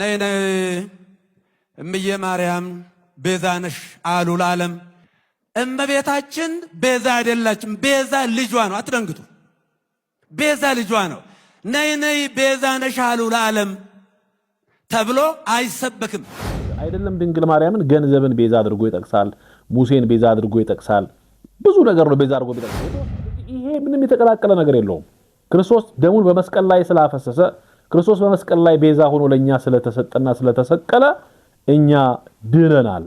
ነይ ነይ እምዬ ማርያም ቤዛ ነሽ አሉ ለዓለም። እመቤታችን ቤዛ አይደላችም። ቤዛ ልጇ ነው። አትደንግቱ። ቤዛ ልጇ ነው። ነይ ነይ ቤዛ ነሽ አሉ ለዓለም ተብሎ አይሰበክም። አይደለም ድንግል ማርያምን ገንዘብን ቤዛ አድርጎ ይጠቅሳል። ሙሴን ቤዛ አድርጎ ይጠቅሳል። ብዙ ነገር ነው ቤዛ አድርጎ ይጠቅሳል። ይሄ ምንም የተቀላቀለ ነገር የለውም። ክርስቶስ ደሙን በመስቀል ላይ ስላፈሰሰ ክርስቶስ በመስቀል ላይ ቤዛ ሆኖ ለእኛ ስለተሰጠና ስለተሰቀለ እኛ ድነናል።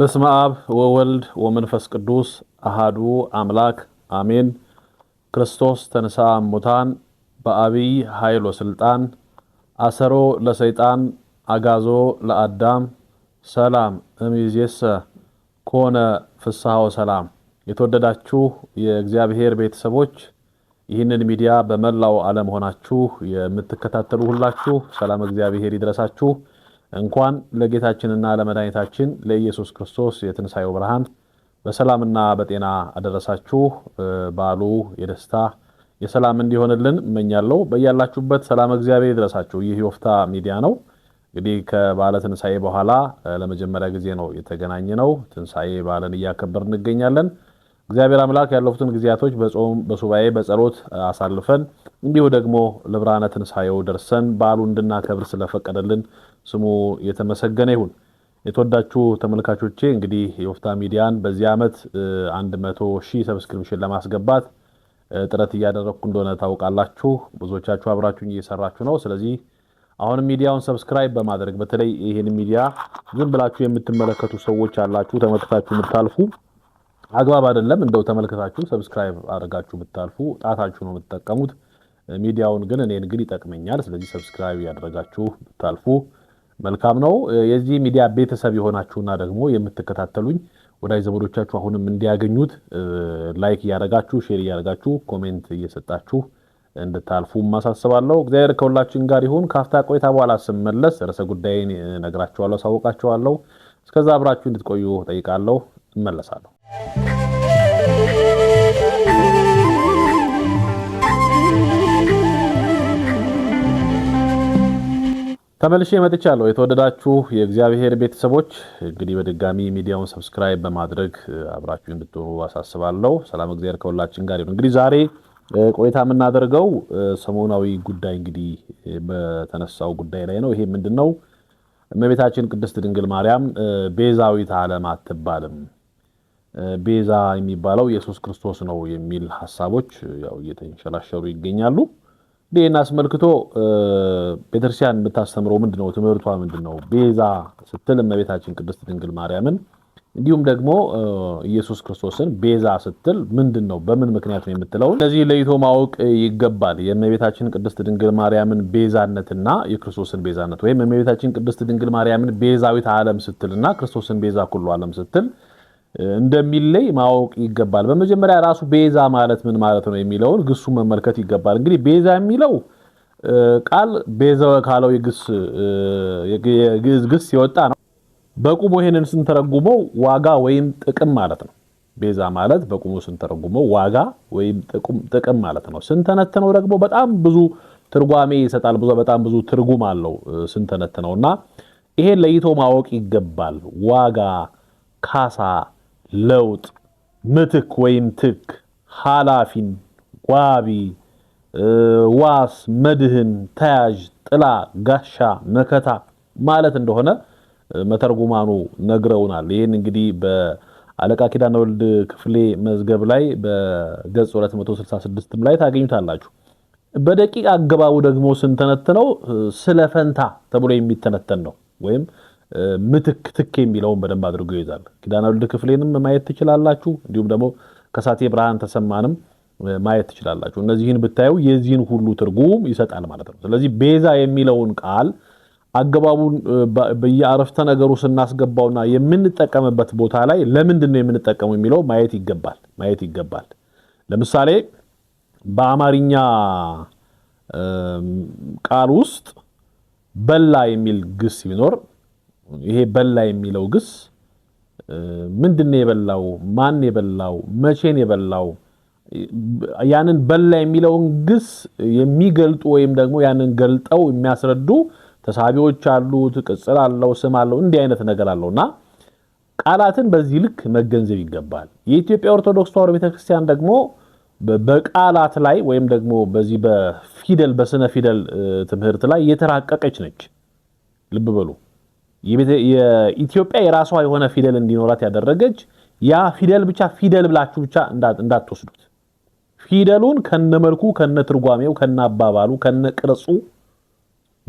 በስመ አብ ወወልድ ወመንፈስ ቅዱስ አሃዱ አምላክ አሜን። ክርስቶስ ተንሥአ እሙታን በአቢይ ኃይል ስልጣን አሰሮ ለሰይጣን አጋዞ ለአዳም ሰላም እምይእዜሰ ኮነ ፍስሐው ሰላም። የተወደዳችሁ የእግዚአብሔር ቤተሰቦች ይህንን ሚዲያ በመላው ዓለም ሆናችሁ የምትከታተሉ ሁላችሁ ሰላም እግዚአብሔር ይድረሳችሁ። እንኳን ለጌታችንና ለመድኃኒታችን ለኢየሱስ ክርስቶስ የትንሣኤው ብርሃን በሰላምና በጤና አደረሳችሁ። በዓሉ የደስታ የሰላም እንዲሆንልን እመኛለሁ። በያላችሁበት ሰላም እግዚአብሔር ይድረሳችሁ። ይህ የወፍታ ሚዲያ ነው። እንግዲህ ከበዓለ ትንሣኤ በኋላ ለመጀመሪያ ጊዜ ነው የተገናኘ ነው። ትንሣኤ በዓልን እያከበር እንገኛለን። እግዚአብሔር አምላክ ያለፉትን ጊዜያቶች በጾም በሱባኤ በጸሎት አሳልፈን እንዲሁ ደግሞ ለብርሃነ ትንሣኤው ደርሰን በዓሉ እንድናከብር ስለፈቀደልን ስሙ የተመሰገነ ይሁን። የተወዳችሁ ተመልካቾቼ እንግዲህ የወፍታ ሚዲያን በዚህ ዓመት አንድ መቶ ሺህ ሰብስክሪፕሽን ለማስገባት ጥረት እያደረግኩ እንደሆነ ታውቃላችሁ። ብዙዎቻችሁ አብራችሁ እየሰራችሁ ነው። ስለዚህ አሁንም ሚዲያውን ሰብስክራይብ በማድረግ በተለይ ይህን ሚዲያ ዝም ብላችሁ የምትመለከቱ ሰዎች አላችሁ ተመልክታችሁ የምታልፉ አግባብ አይደለም። እንደው ተመልክታችሁ ሰብስክራይብ አድርጋችሁ ምታልፉ ጣታችሁ ነው የምትጠቀሙት። ሚዲያውን ግን እኔን ግን ይጠቅመኛል። ስለዚህ ሰብስክራይብ ያደረጋችሁ ብታልፉ መልካም ነው። የዚህ ሚዲያ ቤተሰብ የሆናችሁና ደግሞ የምትከታተሉኝ ወዳጅ ዘመዶቻችሁ አሁንም እንዲያገኙት ላይክ እያደረጋችሁ ሼር እያደረጋችሁ ኮሜንት እየሰጣችሁ እንድታልፉ ማሳስባለሁ። እግዚአብሔር ከሁላችን ጋር ይሁን። ካፍታ ቆይታ በኋላ ስመለስ ርዕሰ ጉዳይን ነግራችኋለሁ፣ አሳውቃችኋለሁ። እስከዛ አብራችሁ እንድትቆዩ ጠይቃለሁ። እመለሳለሁ። ተመልሼ መጥቻለሁ። የተወደዳችሁ የእግዚአብሔር ቤተሰቦች እንግዲህ በድጋሚ ሚዲያውን ሰብስክራይብ በማድረግ አብራችሁ እንድትሆኑ አሳስባለሁ። ሰላም፣ እግዚአብሔር ከሁላችን ጋር ይሁን። እንግዲህ ዛሬ ቆይታ የምናደርገው ሰሞናዊ ጉዳይ እንግዲህ በተነሳው ጉዳይ ላይ ነው። ይሄ ምንድን ነው? እመቤታችን ቅድስት ድንግል ማርያም ቤዛዊት ዓለም አትባልም፣ ቤዛ የሚባለው ኢየሱስ ክርስቶስ ነው የሚል ሀሳቦች ያው እየተንሸላሸሉ ይገኛሉ። ይህን አስመልክቶ ቤተክርስቲያን የምታስተምረው ምንድን ነው? ትምህርቷ ምንድን ነው? ቤዛ ስትል እመቤታችን ቅድስት ድንግል ማርያምን እንዲሁም ደግሞ ኢየሱስ ክርስቶስን ቤዛ ስትል ምንድን ነው በምን ምክንያት ነው የምትለውን እነዚህ ለይቶ ማወቅ ይገባል። የእመቤታችን ቅድስት ድንግል ማርያምን ቤዛነትና የክርስቶስን ቤዛነት ወይም የእመቤታችን ቅድስት ድንግል ማርያምን ቤዛዊት አለም ስትልና ክርስቶስን ቤዛ ኩሉ አለም ስትል እንደሚለይ ማወቅ ይገባል። በመጀመሪያ ራሱ ቤዛ ማለት ምን ማለት ነው የሚለውን ግሱ መመልከት ይገባል። እንግዲህ ቤዛ የሚለው ቃል ቤዛ ካለው የግስ ግስ የወጣ ነው። በቁሙ ይሄንን ስንተረጉመው ዋጋ ወይም ጥቅም ማለት ነው። ቤዛ ማለት በቁሙ ስንተረጉመው ዋጋ ወይም ጥቅም ማለት ነው። ስንተነትነው ደግሞ በጣም ብዙ ትርጓሜ ይሰጣል። በጣም ብዙ ትርጉም አለው ስንተነትነው እና ይሄን ለይቶ ማወቅ ይገባል። ዋጋ፣ ካሳ፣ ለውጥ፣ ምትክ ወይም ትክ፣ ኃላፊን፣ ዋቢ፣ ዋስ፣ መድህን፣ ተያዥ፣ ጥላ፣ ጋሻ፣ መከታ ማለት እንደሆነ መተርጉማኑ ነግረውናል። ይህን እንግዲህ በአለቃ ኪዳነ ወልድ ክፍሌ መዝገብ ላይ በገጽ 266 ላይ ታገኙታላችሁ። በደቂቅ አገባቡ ደግሞ ስንተነትነው ስለ ፈንታ ተብሎ የሚተነተን ነው ወይም ምትክ ትክ የሚለውን በደንብ አድርጎ ይይዛል። ኪዳነ ወልድ ክፍሌንም ማየት ትችላላችሁ። እንዲሁም ደግሞ ከሳቴ ብርሃን ተሰማንም ማየት ትችላላችሁ። እነዚህን ብታዩ የዚህን ሁሉ ትርጉም ይሰጣል ማለት ነው። ስለዚህ ቤዛ የሚለውን ቃል አገባቡን በየአረፍተ ነገሩ ስናስገባውና የምንጠቀምበት ቦታ ላይ ለምንድን ነው የምንጠቀመው የሚለው ማየት ይገባል ማየት ይገባል። ለምሳሌ በአማርኛ ቃል ውስጥ በላ የሚል ግስ ቢኖር ይሄ በላ የሚለው ግስ ምንድን የበላው? ማን የበላው? መቼን የበላው? ያንን በላ የሚለውን ግስ የሚገልጡ ወይም ደግሞ ያንን ገልጠው የሚያስረዱ ተሳቢዎች አሉት፣ ቅጽል አለው፣ ስም አለው፣ እንዲህ አይነት ነገር አለው እና ቃላትን በዚህ ልክ መገንዘብ ይገባል። የኢትዮጵያ ኦርቶዶክስ ተዋሕዶ ቤተክርስቲያን ደግሞ በቃላት ላይ ወይም ደግሞ በዚህ በፊደል በስነ ፊደል ትምህርት ላይ የተራቀቀች ነች። ልብ በሉ። የኢትዮጵያ የራሷ የሆነ ፊደል እንዲኖራት ያደረገች ያ ፊደል ብቻ ፊደል ብላችሁ ብቻ እንዳትወስዱት። ፊደሉን ከነ መልኩ ከነ ትርጓሜው ከነ አባባሉ ከነ ቅርጹ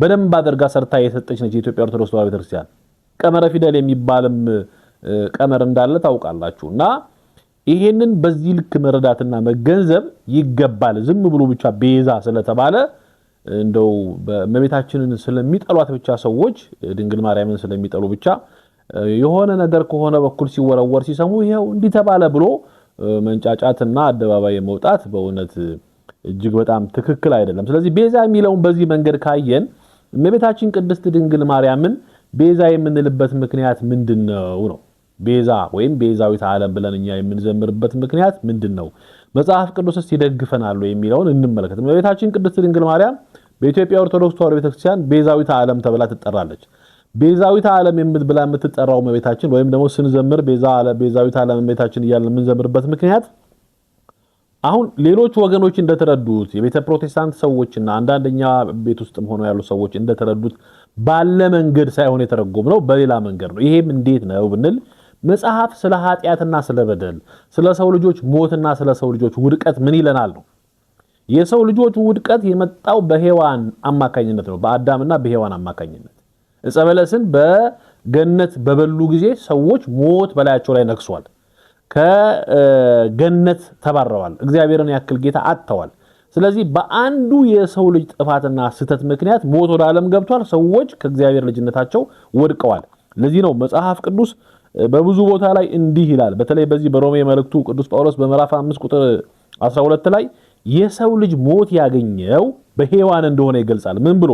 በደንብ አድርጋ ሰርታ የሰጠች ነች የኢትዮጵያ ኦርቶዶክስ ተዋህዶ ቤተክርስቲያን። ቀመረ ፊደል የሚባልም ቀመር እንዳለ ታውቃላችሁ። እና ይሄንን በዚህ ልክ መረዳትና መገንዘብ ይገባል። ዝም ብሎ ብቻ ቤዛ ስለተባለ እንደው እመቤታችንን ስለሚጠሏት ብቻ ሰዎች ድንግል ማርያምን ስለሚጠሉ ብቻ የሆነ ነገር ከሆነ በኩል ሲወረወር ሲሰሙ ይኸው እንዲህ ተባለ ብሎ መንጫጫትና አደባባይ መውጣት በእውነት እጅግ በጣም ትክክል አይደለም። ስለዚህ ቤዛ የሚለውን በዚህ መንገድ ካየን እመቤታችን ቅድስት ድንግል ማርያምን ቤዛ የምንልበት ምክንያት ምንድን ነው ነው ቤዛ ወይም ቤዛዊት ዓለም ብለን እኛ የምንዘምርበት ምክንያት ምንድን ነው? መጽሐፍ ቅዱስስ ይደግፈናል የሚለውን እንመለከት። እመቤታችን ቅድስት ድንግል ማርያም በኢትዮጵያ ኦርቶዶክስ ተዋሕዶ ቤተክርስቲያን ቤዛዊት ዓለም ተብላ ትጠራለች። ቤዛዊት ዓለም ብላ የምትጠራው እመቤታችን ወይም ደግሞ ስንዘምር ቤዛዊት ዓለም እመቤታችን እያልን የምንዘምርበት ምክንያት አሁን ሌሎች ወገኖች እንደተረዱት የቤተ ፕሮቴስታንት ሰዎችና አንዳንደኛ ቤት ውስጥም ሆነው ያሉ ሰዎች እንደተረዱት ባለ መንገድ ሳይሆን የተረጎም ነው፣ በሌላ መንገድ ነው። ይሄም እንዴት ነው ብንል መጽሐፍ ስለ ኃጢአትና ስለ በደል፣ ስለ ሰው ልጆች ሞትና ስለ ሰው ልጆች ውድቀት ምን ይለናል ነው። የሰው ልጆች ውድቀት የመጣው በሔዋን አማካኝነት ነው፣ በአዳምና በሔዋን አማካኝነት። ዕፀ በለስን በገነት በበሉ ጊዜ ሰዎች ሞት በላያቸው ላይ ነግሷል። ከገነት ተባረዋል። እግዚአብሔርን ያክል ጌታ አጥተዋል። ስለዚህ በአንዱ የሰው ልጅ ጥፋትና ስህተት ምክንያት ሞት ወደ ዓለም ገብቷል። ሰዎች ከእግዚአብሔር ልጅነታቸው ወድቀዋል። ለዚህ ነው መጽሐፍ ቅዱስ በብዙ ቦታ ላይ እንዲህ ይላል። በተለይ በዚህ በሮሜ መልእክቱ ቅዱስ ጳውሎስ በምዕራፍ 5 ቁጥር 12 ላይ የሰው ልጅ ሞት ያገኘው በሔዋን እንደሆነ ይገልጻል። ምን ብሎ?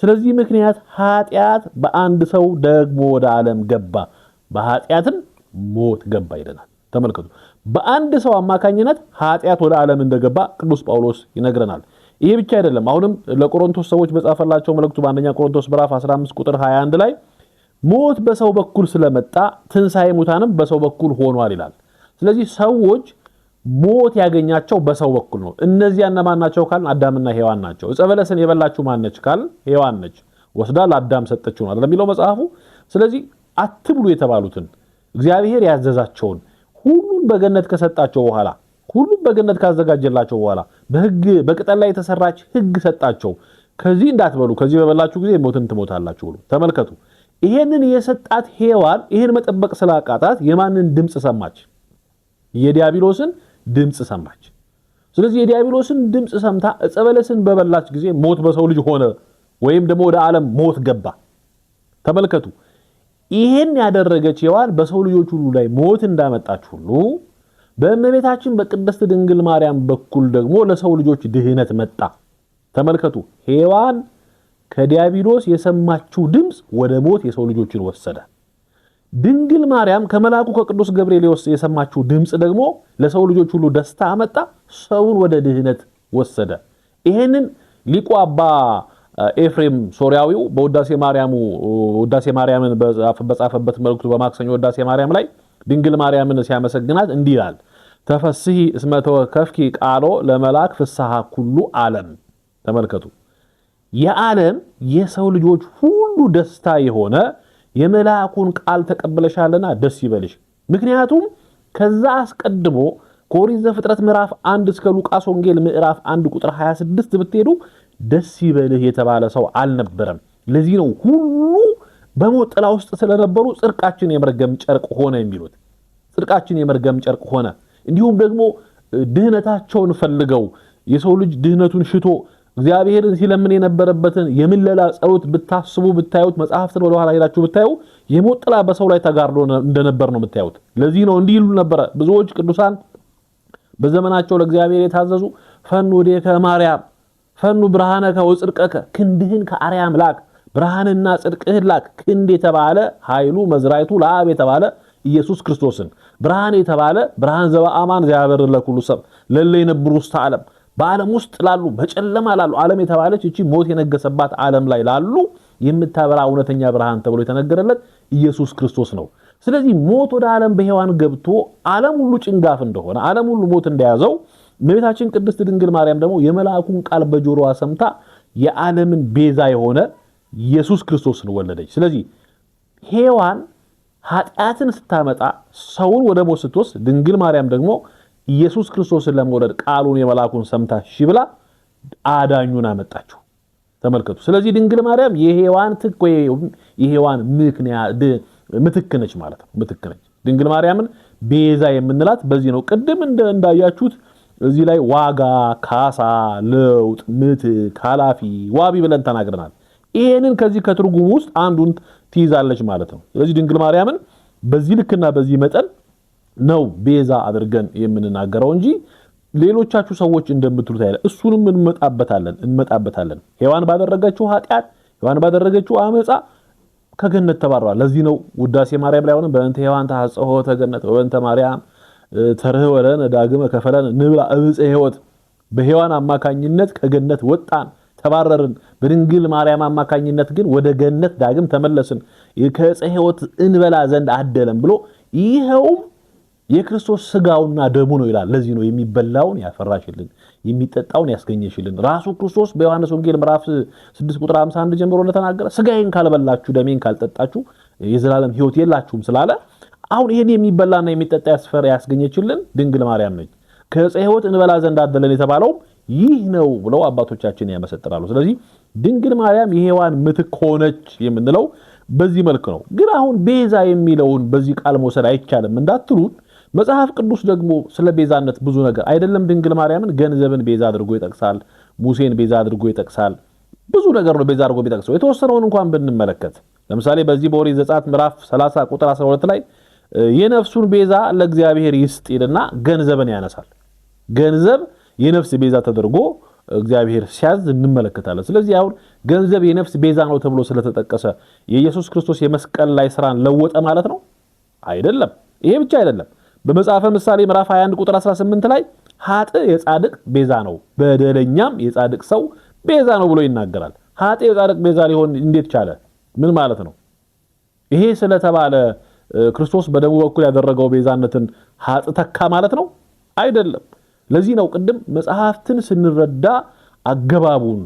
ስለዚህ ምክንያት ኃጢአት በአንድ ሰው ደግሞ ወደ ዓለም ገባ፣ በኃጢአትም ሞት ገባ ይለናል። ተመልከቱ። በአንድ ሰው አማካኝነት ኃጢአት ወደ ዓለም እንደገባ ቅዱስ ጳውሎስ ይነግረናል። ይሄ ብቻ አይደለም። አሁንም ለቆሮንቶስ ሰዎች በጻፈላቸው መልእክቱ በአንደኛ ቆሮንቶስ ምዕራፍ 15 ቁጥር 21 ላይ ሞት በሰው በኩል ስለመጣ ትንሣኤ ሙታንም በሰው በኩል ሆኗል ይላል። ስለዚህ ሰዎች ሞት ያገኛቸው በሰው በኩል ነው። እነዚያ እነማን ናቸው ካልን አዳምና ሔዋን ናቸው። ዕፀ በለስን የበላችሁ ማነች ካል ሔዋን ነች። ወስዳ ለአዳም ሰጠችው ነው የሚለው መጽሐፉ። ስለዚህ አትብሉ የተባሉትን እግዚአብሔር ያዘዛቸውን ሁሉን በገነት ከሰጣቸው በኋላ ሁሉም በገነት ካዘጋጀላቸው በኋላ በህግ በቅጠል ላይ የተሰራች ህግ ሰጣቸው። ከዚህ እንዳትበሉ ከዚህ በበላችሁ ጊዜ ሞትን ትሞታላችሁ ብሎ ተመልከቱ። ይሄንን የሰጣት ሔዋን ይሄን መጠበቅ ስላቃጣት የማንን ድምፅ ሰማች? የዲያብሎስን ድምፅ ሰማች። ስለዚህ የዲያብሎስን ድምፅ ሰምታ ዕፀ በለስን በበላች ጊዜ ሞት በሰው ልጅ ሆነ፣ ወይም ደግሞ ወደ ዓለም ሞት ገባ። ተመልከቱ ይህን ያደረገች ሔዋን በሰው ልጆች ሁሉ ላይ ሞት እንዳመጣች ሁሉ በእመቤታችን በቅድስት ድንግል ማርያም በኩል ደግሞ ለሰው ልጆች ድህነት መጣ። ተመልከቱ፣ ሔዋን ከዲያብሎስ የሰማችው ድምፅ ወደ ሞት የሰው ልጆችን ወሰደ። ድንግል ማርያም ከመልአኩ ከቅዱስ ገብርኤል የሰማችው ድምፅ ደግሞ ለሰው ልጆች ሁሉ ደስታ አመጣ፣ ሰውን ወደ ድህነት ወሰደ። ይህንን ሊቁ አባ ኤፍሬም ሶሪያዊው በውዳሴ ማርያሙ ውዳሴ ማርያምን በጻፈበት መልእክቱ በማክሰኞ ውዳሴ ማርያም ላይ ድንግል ማርያምን ሲያመሰግናት እንዲህ ይላል። ተፈስሂ እስመ ተወከፍኪ ቃሎ ለመላክ ፍስሐ ኩሉ ዓለም። ተመልከቱ። የዓለም የሰው ልጆች ሁሉ ደስታ የሆነ የመልአኩን ቃል ተቀብለሻልና ደስ ይበልሽ። ምክንያቱም ከዛ አስቀድሞ ከኦሪት ዘፍጥረት ምዕራፍ አንድ እስከ ሉቃስ ወንጌል ምዕራፍ 1 ቁጥር 26 ብትሄዱ ደስ ይበልህ የተባለ ሰው አልነበረም። ለዚህ ነው ሁሉ በሞት ጥላ ውስጥ ስለነበሩ ጽድቃችን የመርገም ጨርቅ ሆነ የሚሉት። ጽድቃችን የመርገም ጨርቅ ሆነ። እንዲሁም ደግሞ ድህነታቸውን ፈልገው የሰው ልጅ ድህነቱን ሽቶ እግዚአብሔርን ሲለምን የነበረበትን የምለላ ጸሎት ብታስቡ ብታዩት፣ መጽሐፍትን ወደኋላ ሄዳችሁ ብታዩ የሞት ጥላ በሰው ላይ ተጋርዶ እንደነበር ነው የምታዩት። ለዚህ ነው እንዲህ ይሉ ነበረ ብዙዎች ቅዱሳን በዘመናቸው ለእግዚአብሔር የታዘዙ ፈኑ ወዴከ ማርያም ፈኑ ብርሃነከ ወፅድቀከ ክንድህን ከአርያም ላክ ብርሃንና ጽድቅህን ላክ ክንድ የተባለ ኃይሉ መዝራይቱ ለአብ የተባለ ኢየሱስ ክርስቶስን ብርሃን የተባለ ብርሃን ዘበአማን ዘያበርህ ለኩሉ ሰብ ለለ የነብሩ ውስተ ዓለም በዓለም ውስጥ ላሉ በጨለማ ላሉ ዓለም የተባለች እቺ ሞት የነገሰባት ዓለም ላይ ላሉ የምታበራ እውነተኛ ብርሃን ተብሎ የተነገረለት ኢየሱስ ክርስቶስ ነው። ስለዚህ ሞት ወደ ዓለም በሔዋን ገብቶ ዓለም ሁሉ ጭንጋፍ እንደሆነ ዓለም ሁሉ ሞት እንደያዘው እመቤታችን ቅድስት ድንግል ማርያም ደግሞ የመልአኩን ቃል በጆሮዋ ሰምታ የዓለምን ቤዛ የሆነ ኢየሱስ ክርስቶስን ወለደች። ስለዚህ ሔዋን ኃጢአትን ስታመጣ ሰውን ወደ ሞት ስትወስድ፣ ድንግል ማርያም ደግሞ ኢየሱስ ክርስቶስን ለመውለድ ቃሉን የመልአኩን ሰምታ እሺ ብላ አዳኙን አመጣችው። ተመልከቱ። ስለዚህ ድንግል ማርያም የሔዋን ትክ ወይም የሔዋን ምትክ ነች ማለት ነው። ምትክ ነች። ድንግል ማርያምን ቤዛ የምንላት በዚህ ነው። ቅድም እንዳያችሁት እዚህ ላይ ዋጋ፣ ካሳ፣ ለውጥ፣ ምትክ፣ ኃላፊ፣ ዋቢ ብለን ተናግረናል። ይሄንን ከዚህ ከትርጉም ውስጥ አንዱን ትይዛለች ማለት ነው። ስለዚህ ድንግል ማርያምን በዚህ ልክና በዚህ መጠን ነው ቤዛ አድርገን የምንናገረው እንጂ ሌሎቻችሁ ሰዎች እንደምትሉት አይደለም። እሱንም እንመጣበታለን እንመጣበታለን። ሔዋን ባደረገችው ኃጢአት፣ ሔዋን ባደረገችው አመፃ ከገነት ተባረዋል። ለዚህ ነው ውዳሴ ማርያም ላይ ሆነ በእንተ ሔዋን ተሐጽሆ ተገነት ወበእንተ ማርያም ተርህወለነ ዳግመ ከፈለን ንብላ እብፀ ህይወት በሔዋን አማካኝነት ከገነት ወጣን ተባረርን። በድንግል ማርያም አማካኝነት ግን ወደ ገነት ዳግም ተመለስን ከዕፀ ህይወት እንበላ ዘንድ አደለም ብሎ ይኸውም የክርስቶስ ስጋውና ደሙ ነው ይላል። ለዚህ ነው የሚበላውን ያፈራሽልን የሚጠጣውን ያስገኘሽልን። ራሱ ክርስቶስ በዮሐንስ ወንጌል ምዕራፍ 6 ቁጥር 51 ጀምሮ እንደተናገረ ስጋዬን ካልበላችሁ ደሜን ካልጠጣችሁ የዘላለም ህይወት የላችሁም ስላለ አሁን ይሄን የሚበላና የሚጠጣ ያስፈር ያስገኘችልን ድንግል ማርያም ነች። ከዕፀ ሕይወት እንበላ ዘንድ አደለን የተባለው ይህ ነው ብለው አባቶቻችን ያመሰጥራሉ። ስለዚህ ድንግል ማርያም የሔዋን ምትክ ሆነች የምንለው በዚህ መልክ ነው። ግን አሁን ቤዛ የሚለውን በዚህ ቃል መውሰድ አይቻልም እንዳትሉን መጽሐፍ ቅዱስ ደግሞ ስለ ቤዛነት ብዙ ነገር አይደለም ድንግል ማርያምን ገንዘብን ቤዛ አድርጎ ይጠቅሳል። ሙሴን ቤዛ አድርጎ ይጠቅሳል። ብዙ ነገር ነው ቤዛ አድርጎ ቢጠቅሰው የተወሰነውን እንኳን ብንመለከት ለምሳሌ በዚህ በኦሪት ዘጸአት ምዕራፍ 30 ቁጥር 12 ላይ የነፍሱን ቤዛ ለእግዚአብሔር ይስጢልና ገንዘብን ያነሳል። ገንዘብ የነፍስ ቤዛ ተደርጎ እግዚአብሔር ሲያዝ እንመለከታለን። ስለዚህ አሁን ገንዘብ የነፍስ ቤዛ ነው ተብሎ ስለተጠቀሰ የኢየሱስ ክርስቶስ የመስቀል ላይ ስራን ለወጠ ማለት ነው አይደለም። ይሄ ብቻ አይደለም። በመጽሐፈ ምሳሌ ምዕራፍ 21 ቁጥር 18 ላይ ሀጥ የጻድቅ ቤዛ ነው፣ በደለኛም የጻድቅ ሰው ቤዛ ነው ብሎ ይናገራል። ሀጥ የጻድቅ ቤዛ ሊሆን እንዴት ቻለ? ምን ማለት ነው ይሄ ስለተባለ ክርስቶስ በደሙ በኩል ያደረገው ቤዛነትን ሀጥ ተካ ማለት ነው አይደለም። ለዚህ ነው ቅድም መጽሐፍትን ስንረዳ አገባቡን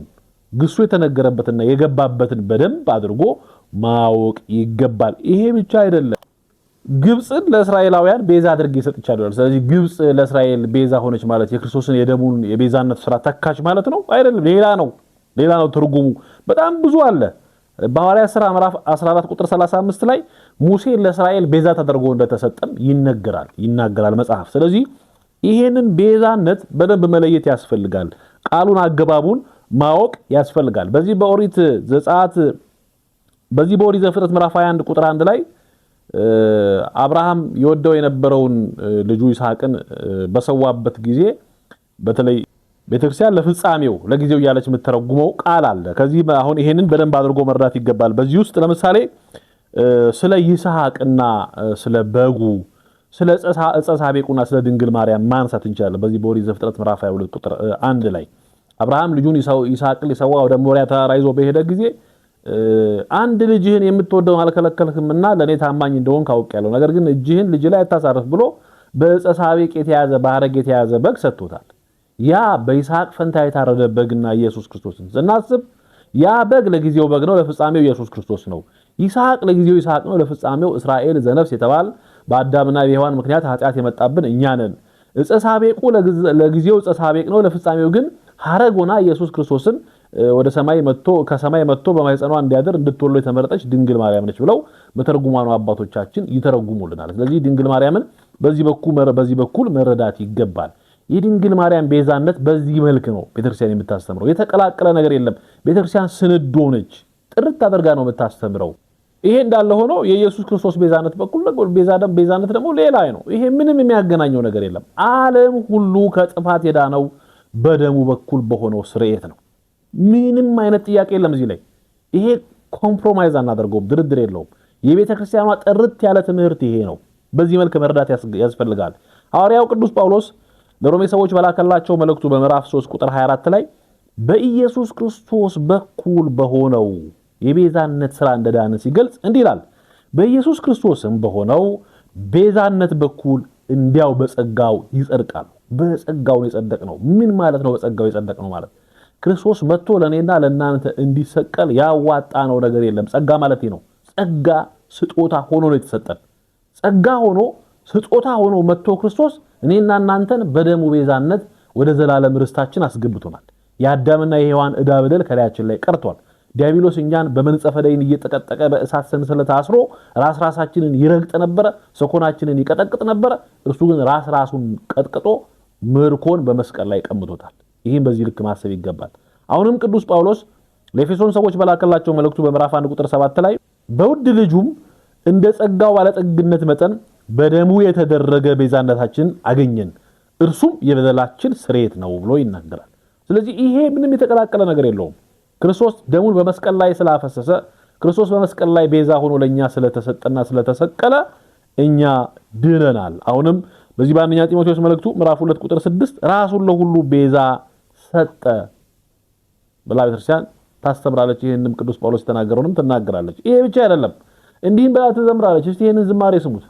ግሱ የተነገረበትና የገባበትን በደንብ አድርጎ ማወቅ ይገባል። ይሄ ብቻ አይደለም። ግብፅን ለእስራኤላውያን ቤዛ አድርጌ ሰጥቻለሁ። ስለዚህ ግብፅ ለእስራኤል ቤዛ ሆነች ማለት የክርስቶስን የደሙን የቤዛነት ስራ ተካች ማለት ነው አይደለም። ሌላ ነው ሌላ ነው ትርጉሙ። በጣም ብዙ አለ። በሐዋርያ ሥራ ምዕራፍ 14 ቁጥር 35 ላይ ሙሴ ለእስራኤል ቤዛ ተደርጎ እንደተሰጠም ይነገራል ይናገራል መጽሐፍ። ስለዚህ ይሄንን ቤዛነት በደንብ መለየት ያስፈልጋል። ቃሉን አገባቡን ማወቅ ያስፈልጋል። በዚህ በኦሪት ዘጸአት በዚህ በኦሪት ዘፍጥረት ምዕራፍ 21 ቁጥር 1 ላይ አብርሃም የወደው የነበረውን ልጁ ይስሐቅን በሰዋበት ጊዜ በተለይ ቤተክርስቲያን ለፍጻሜው ለጊዜው እያለች የምተረጉመው ቃል አለ። ከዚህ አሁን ይሄንን በደንብ አድርጎ መረዳት ይገባል። በዚህ ውስጥ ለምሳሌ ስለ ይስሐቅና ስለ በጉ፣ ስለ ዕፀ ሳቤቁና ስለ ድንግል ማርያም ማንሳት እንችላለን። በዚህ በኦሪት ዘፍጥረት ምዕራፍ 22 ቁጥር አንድ ላይ አብርሃም ልጁን ይስሐቅ ሊሰዋ ወደ ሞሪያ ተራራ ይዞ በሄደ ጊዜ አንድ ልጅህን የምትወደውን አልከለከልህምና ለእኔ ታማኝ እንደሆን ካውቅ ያለው ነገር ግን እጅህን ልጅ ላይ አታሳርፍ ብሎ በዕፀ ሳቤቅ የተያዘ በአረግ የተያዘ በግ ሰጥቶታል። ያ በይስሐቅ ፈንታ የታረደ በግና ኢየሱስ ክርስቶስን ስናስብ ያ በግ ለጊዜው በግ ነው፣ ለፍጻሜው ኢየሱስ ክርስቶስ ነው። ይስሐቅ ለጊዜው ይስሐቅ ነው፣ ለፍጻሜው እስራኤል ዘነፍስ የተባል በአዳምና በሔዋን ምክንያት ኃጢአት የመጣብን እኛ ነን። ዕፀ ሳቤቁ ለጊዜው ዕፀ ሳቤቅ ነው፣ ለፍጻሜው ግን ሐረግ ሆና ኢየሱስ ክርስቶስን ወደ ሰማይ መጥቶ ከሰማይ መጥቶ በማኅፀኗ እንዲያደር እንድትወልድ የተመረጠች ድንግል ማርያም ነች ብለው በተርጉማኑ አባቶቻችን ይተረጉሙልናል። ስለዚህ ድንግል ማርያምን በዚህ በኩል መረዳት ይገባል። የድንግል ማርያም ቤዛነት በዚህ መልክ ነው ቤተክርስቲያን የምታስተምረው። የተቀላቀለ ነገር የለም። ቤተክርስቲያን ስንዶ ነች፣ ጥርት አድርጋ ነው የምታስተምረው። ይሄ እንዳለ ሆኖ የኢየሱስ ክርስቶስ ቤዛነት በኩል ቤዛነት ደግሞ ሌላ ነው። ይሄ ምንም የሚያገናኘው ነገር የለም። ዓለም ሁሉ ከጥፋት የዳነው በደሙ በኩል በሆነው ስርየት ነው። ምንም አይነት ጥያቄ የለም እዚህ ላይ። ይሄ ኮምፕሮማይዝ አናደርገውም፣ ድርድር የለውም። የቤተ ክርስቲያኗ ጥርት ያለ ትምህርት ይሄ ነው። በዚህ መልክ መረዳት ያስፈልጋል። ሐዋርያው ቅዱስ ጳውሎስ ለሮሜ ሰዎች በላከላቸው መልእክቱ በምዕራፍ 3 ቁጥር 24 ላይ በኢየሱስ ክርስቶስ በኩል በሆነው የቤዛነት ሥራ እንደዳነ ሲገልጽ እንዲህ ይላል። በኢየሱስ ክርስቶስም በሆነው ቤዛነት በኩል እንዲያው በጸጋው ይጸድቃል። በጸጋው ነው የጸደቅ ነው። ምን ማለት ነው? በጸጋው የጸደቅ ነው ማለት ክርስቶስ መጥቶ ለእኔና ለእናንተ እንዲሰቀል ያዋጣ ነው ነገር የለም። ጸጋ ማለት ነው። ጸጋ ስጦታ ሆኖ ነው የተሰጠን። ጸጋ ሆኖ ስጦታ ሆኖ መጥቶ ክርስቶስ እኔና እናንተን በደሙ ቤዛነት ወደ ዘላለም ርስታችን አስገብቶናል። የአዳምና የሔዋን ዕዳ በደል ከላያችን ላይ ቀርቷል። ዲያብሎስ እኛን በመንጸፈ ደይን እየጠቀጠቀ በእሳት ሰንሰለት አስሮ ራስ ራሳችንን ይረግጥ ነበረ፣ ሰኮናችንን ይቀጠቅጥ ነበረ። እርሱ ግን ራስ ራሱን ቀጥቅጦ ምርኮን በመስቀል ላይ ቀምቶታል። ይህም በዚህ ልክ ማሰብ ይገባል። አሁንም ቅዱስ ጳውሎስ ለኤፌሶን ሰዎች በላከላቸው መልእክቱ በምዕራፍ 1 ቁጥር 7 ላይ በውድ ልጁም እንደ ጸጋው ባለጠግነት መጠን በደሙ የተደረገ ቤዛነታችን አገኘን፣ እርሱም የበደላችን ስርየት ነው ብሎ ይናገራል። ስለዚህ ይሄ ምንም የተቀላቀለ ነገር የለውም። ክርስቶስ ደሙን በመስቀል ላይ ስላፈሰሰ፣ ክርስቶስ በመስቀል ላይ ቤዛ ሆኖ ለእኛ ስለተሰጠና ስለተሰቀለ እኛ ድነናል። አሁንም በዚህ በአንደኛ ጢሞቴዎስ መልእክቱ ምዕራፍ ሁለት ቁጥር ስድስት ራሱን ለሁሉ ቤዛ ሰጠ ብላ ቤተክርስቲያን ታስተምራለች። ይህንም ቅዱስ ጳውሎስ የተናገረውንም ትናገራለች። ይሄ ብቻ አይደለም፣ እንዲህም ብላ ትዘምራለች። እስቲ ይህንን ዝማሬ ስሙት።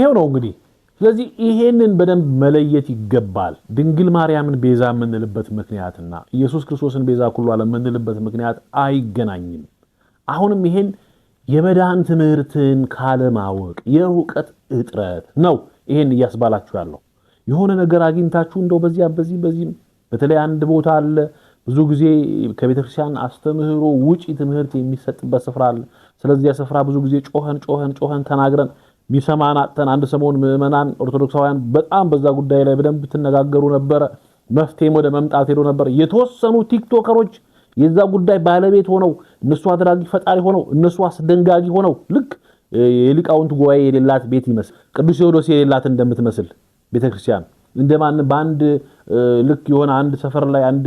ይሄው ነው እንግዲህ። ስለዚህ ይሄንን በደንብ መለየት ይገባል። ድንግል ማርያምን ቤዛ የምንልበት ምክንያትና ኢየሱስ ክርስቶስን ቤዛ ኩሉ ዓለም የምንልበት ምክንያት አይገናኝም። አሁንም ይሄን የመዳን ትምህርትን ካለማወቅ የእውቀት እጥረት ነው ይሄን እያስባላችሁ ያለው። የሆነ ነገር አግኝታችሁ እንደው በዚያ በዚህ በዚህም በተለይ አንድ ቦታ አለ ብዙ ጊዜ ከቤተክርስቲያን አስተምህሮ ውጪ ትምህርት የሚሰጥበት ስፍራ አለ። ስለዚያ ስፍራ ብዙ ጊዜ ጮኸን ጮኸን ጮኸን ተናግረን ሚሰማ አጥተን አንድ ሰሞን ምዕመናን ኦርቶዶክሳውያን በጣም በዛ ጉዳይ ላይ በደንብ ትነጋገሩ ነበረ። መፍትሄም ወደ መምጣት ሄዶ ነበር። የተወሰኑ ቲክቶከሮች የዛ ጉዳይ ባለቤት ሆነው እነሱ አድራጊ ፈጣሪ ሆነው እነሱ አስደንጋጊ ሆነው ልክ የሊቃውንት ጉባኤ የሌላት ቤት ይመስል ቅዱስ ሲኖዶስ የሌላት እንደምትመስል ቤተክርስቲያን እንደማን በአንድ ልክ የሆነ አንድ ሰፈር ላይ አንድ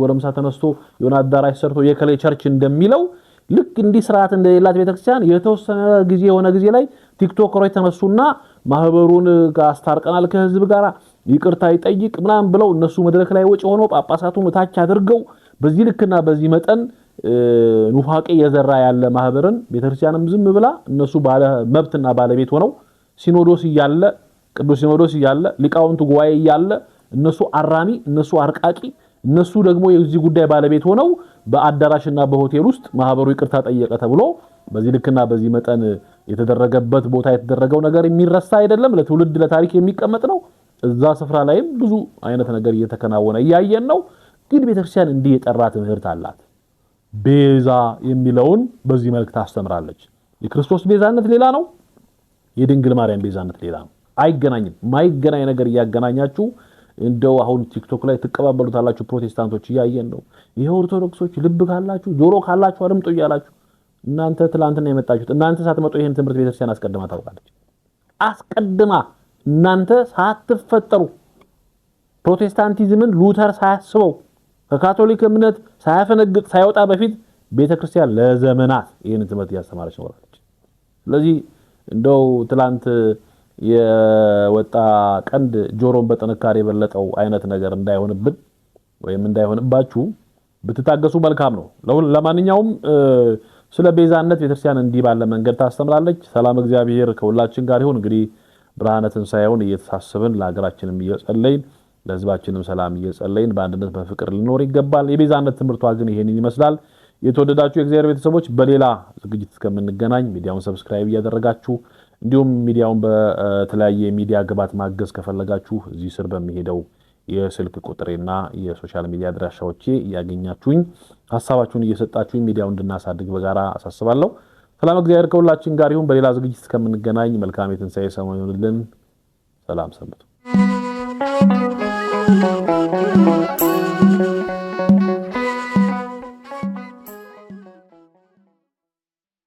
ጎረምሳ ተነስቶ የሆነ አዳራሽ ሰርቶ የከሌ ቸርች እንደሚለው ልክ እንዲህ ስርዓት እንደሌላት ቤተክርስቲያን የተወሰነ ጊዜ የሆነ ጊዜ ላይ ቲክቶከሮች ተነሱና ማህበሩን አስታርቀናል ከህዝብ ጋር ይቅርታ ይጠይቅ ምናምን ብለው እነሱ መድረክ ላይ ወጪ ሆነው ጳጳሳቱን ታች አድርገው በዚህ ልክና በዚህ መጠን ኑፋቄ የዘራ ያለ ማህበርን ቤተክርስቲያንም ዝም ብላ እነሱ ባለ መብትና ባለቤት ሆነው ሲኖዶስ እያለ ቅዱስ ሲኖዶስ እያለ ሊቃውንቱ ጉባኤ እያለ እነሱ አራሚ እነሱ አርቃቂ እነሱ ደግሞ የዚህ ጉዳይ ባለቤት ሆነው በአዳራሽና በሆቴል ውስጥ ማህበሩ ይቅርታ ጠየቀ ተብሎ በዚህ ልክና በዚህ መጠን የተደረገበት ቦታ የተደረገው ነገር የሚረሳ አይደለም። ለትውልድ ለታሪክ የሚቀመጥ ነው። እዛ ስፍራ ላይም ብዙ አይነት ነገር እየተከናወነ እያየን ነው። ግን ቤተክርስቲያን እንዲህ የጠራ ትምህርት አላት። ቤዛ የሚለውን በዚህ መልክ ታስተምራለች። የክርስቶስ ቤዛነት ሌላ ነው፣ የድንግል ማርያም ቤዛነት ሌላ ነው። አይገናኝም። ማይገናኝ ነገር እያገናኛችሁ እንደው አሁን ቲክቶክ ላይ ትቀባበሉታላችሁ። ፕሮቴስታንቶች እያየን ነው። ይሄ ኦርቶዶክሶች ልብ ካላችሁ ጆሮ ካላችሁ አድምጡ እያላችሁ እናንተ ትላንትና የመጣችሁት እናንተ ሳትመጡ ይህን ትምህርት ቤተክርስቲያን አስቀድማ ታውቃለች። አስቀድማ እናንተ ሳትፈጠሩ ፕሮቴስታንቲዝምን ሉተር ሳያስበው ከካቶሊክ እምነት ሳያፈነግጥ ሳይወጣ በፊት ቤተክርስቲያን ለዘመናት ይህን ትምህርት እያስተማረች ኖራለች። ስለዚህ እንደው ትላንት የወጣ ቀንድ ጆሮን በጥንካሬ የበለጠው አይነት ነገር እንዳይሆንብን ወይም እንዳይሆንባችሁ ብትታገሱ መልካም ነው። ለማንኛውም ስለ ቤዛነት ቤተክርስቲያን እንዲህ ባለ መንገድ ታስተምራለች። ሰላም እግዚአብሔር ከሁላችን ጋር ይሁን። እንግዲህ ብርሃነ ትንሣኤውን እየተሳሰብን ለሀገራችንም እየጸለይን ለህዝባችንም ሰላም እየጸለይን በአንድነት በፍቅር ልኖር ይገባል። የቤዛነት ትምህርቷ ግን ይሄንን ይመስላል። የተወደዳችሁ የእግዚአብሔር ቤተሰቦች በሌላ ዝግጅት እስከምንገናኝ ሚዲያውን ሰብስክራይብ እያደረጋችሁ እንዲሁም ሚዲያውን በተለያየ ሚዲያ ግባት ማገዝ ከፈለጋችሁ እዚህ ስር በሚሄደው የስልክ ቁጥሬና የሶሻል ሚዲያ አድራሻዎቼ እያገኛችሁኝ ሀሳባችሁን እየሰጣችሁኝ ሚዲያውን እንድናሳድግ በጋራ አሳስባለሁ። ሰላም እግዚአብሔር ከሁላችን ጋር ይሁን። በሌላ ዝግጅት እስከምንገናኝ መልካም የትንሣኤ ሰሞን ይሁንልን። ሰላም ሰንብቱ።